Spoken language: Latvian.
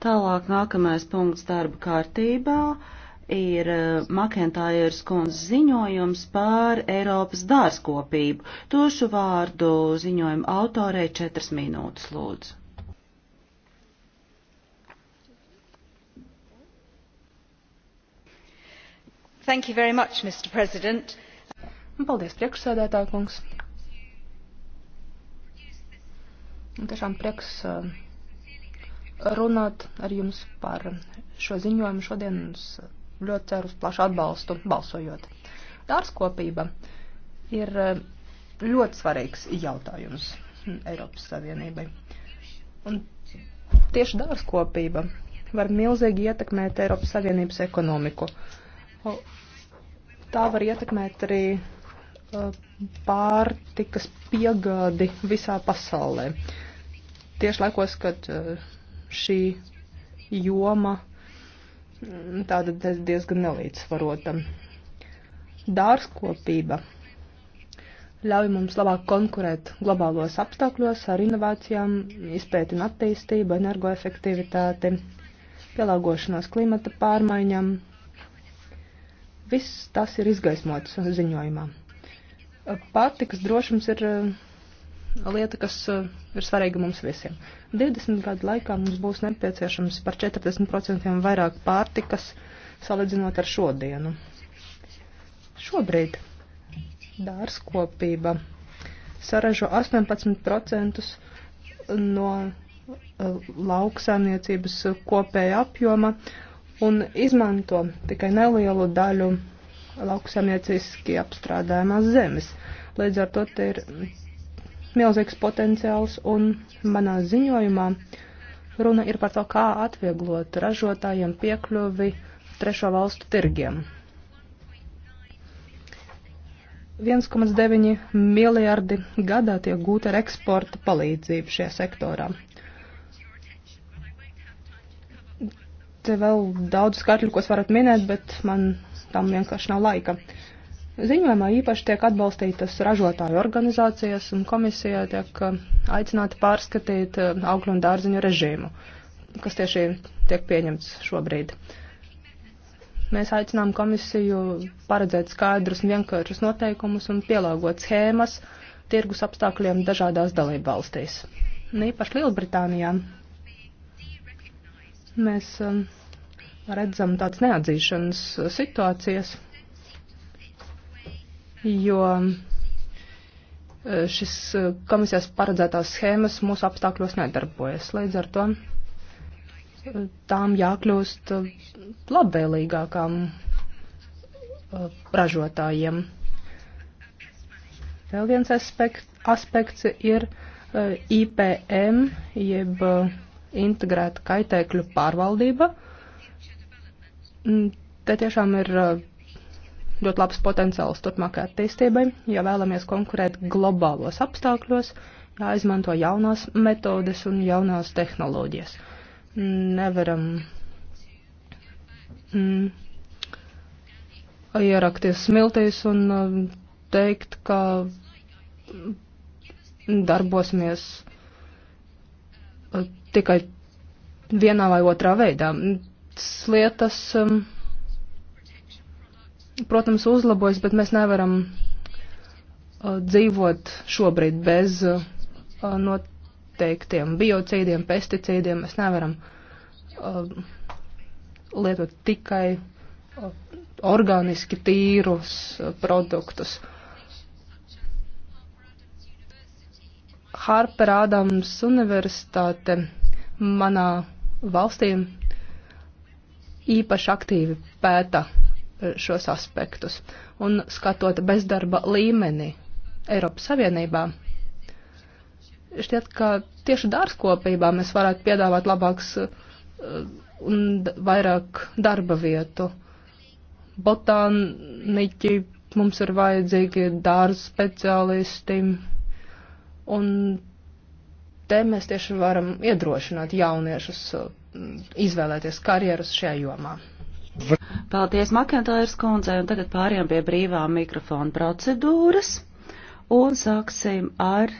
Tālāk nākamais punkts darba kārtībā ir eh, Makentājers kundz ziņojums par Eiropas dārzkopību. Tošu vārdu ziņojumu autorei četras minūtes lūdzu. Thank you very much, Mr. President. Paldies, priekšsēdētāj kungs. Un tiešām prieks uh, runāt ar jums par šo ziņojumu šodien un es ļoti ceru uz plašu atbalstu balsojot. Dārzkopība ir eh, ļoti svarīgs jautājums Eiropas Savienībai. Un tieši dārzkopība var milzīgi ietekmēt Eiropas Savienības ekonomiku. Tā var ietekmēt arī eh, pārtikas piegādi visā pasaulē. Tieši laikos, kad uh, šī joma mm, tāda diezgan nelīdzsvarota. Dārzkopība ļauj mums labāk konkurēt globālos apstākļos ar inovācijām, izpēti un attīstību, energoefektivitāti, pielāgošanos klimata pārmaiņām. Viss tas ir izgaismots ziņojumā. Pārtikas drošums ir lieta, kas eh, ir svarīga mums visiem. 20 gadu laikā mums būs nepieciešams par 40% vairāk pārtikas, salīdzinot ar šodienu. Šobrīd dārzkopība saražo 18% no eh, lauksaimniecības kopēja apjoma un izmanto tikai nelielu daļu lauksaimnieciski apstrādājumās zemes. Līdz ar to te ir milzīgs potenciāls, un manā ziņojumā runa ir par to, kā atvieglot ražotājiem piekļuvi trešo valstu tirgiem. 1,9 miljardi gadā tiek gūta ar eksporta palīdzību šajā sektorā. Te vēl daudz skaitļu, ko es varat minēt, bet man tam vienkārši nav laika. Uh, Ziņojumā īpaši tiek atbalstītas ražotāju organizācijas un komisija tiek uh, aicināta pārskatīt uh, augļu un dārziņu režīmu, kas tieši tiek pieņemts šobrīd. Mēs aicinām komisiju paredzēt skaidrus un vienkāršus noteikumus un pielāgot schēmas tirgus apstākļiem dažādās dalību valstīs. Un īpaši Lielbritānijā mēs um, redzam tādas neatzīšanas situācijas jo eh, šis eh, komisijas paredzētās schēmas mūsu apstākļos nedarbojas. Līdz ar to eh, tām jākļūst labvēlīgākām ražotājiem. Vēl viens aspekt, aspekts ir IPM, jeb integrēta kaitēkļu pārvaldība. Mm, te tiešām ir ļoti labs potenciāls turpmākai attīstībai, ja vēlamies konkurēt globālos apstākļos, jāizmanto jaunās metodes un jaunās tehnoloģijas. Nevaram mm, ierakties smiltīs un mm, teikt, ka darbosimies mm, tikai vienā vai otrā veidā. Mm, lietas um, protams, uzlabojas, bet mēs nevaram uh, dzīvot šobrīd bez uh, noteiktiem biocīdiem, pesticīdiem. Mēs nevaram uh, lietot tikai uh, organiski tīrus uh, produktus. Harper Ādams Universitāte manā valstī īpaši aktīvi pēta Eh, šos aspektus. Un skatot bezdarba līmeni Eiropas Savienībā, šķiet, ka tieši dārzkopībā mēs varētu piedāvāt labāks eh, un vairāk darba vietu. Botāniķi mums ir vajadzīgi dārza speciālisti, un te mēs tieši varam iedrošināt jauniešus eh, izvēlēties karjeras šajā jomā. Paldies Makentājas kundzei, un tagad pāriem pie brīvā mikrofona procedūras, un sāksim ar.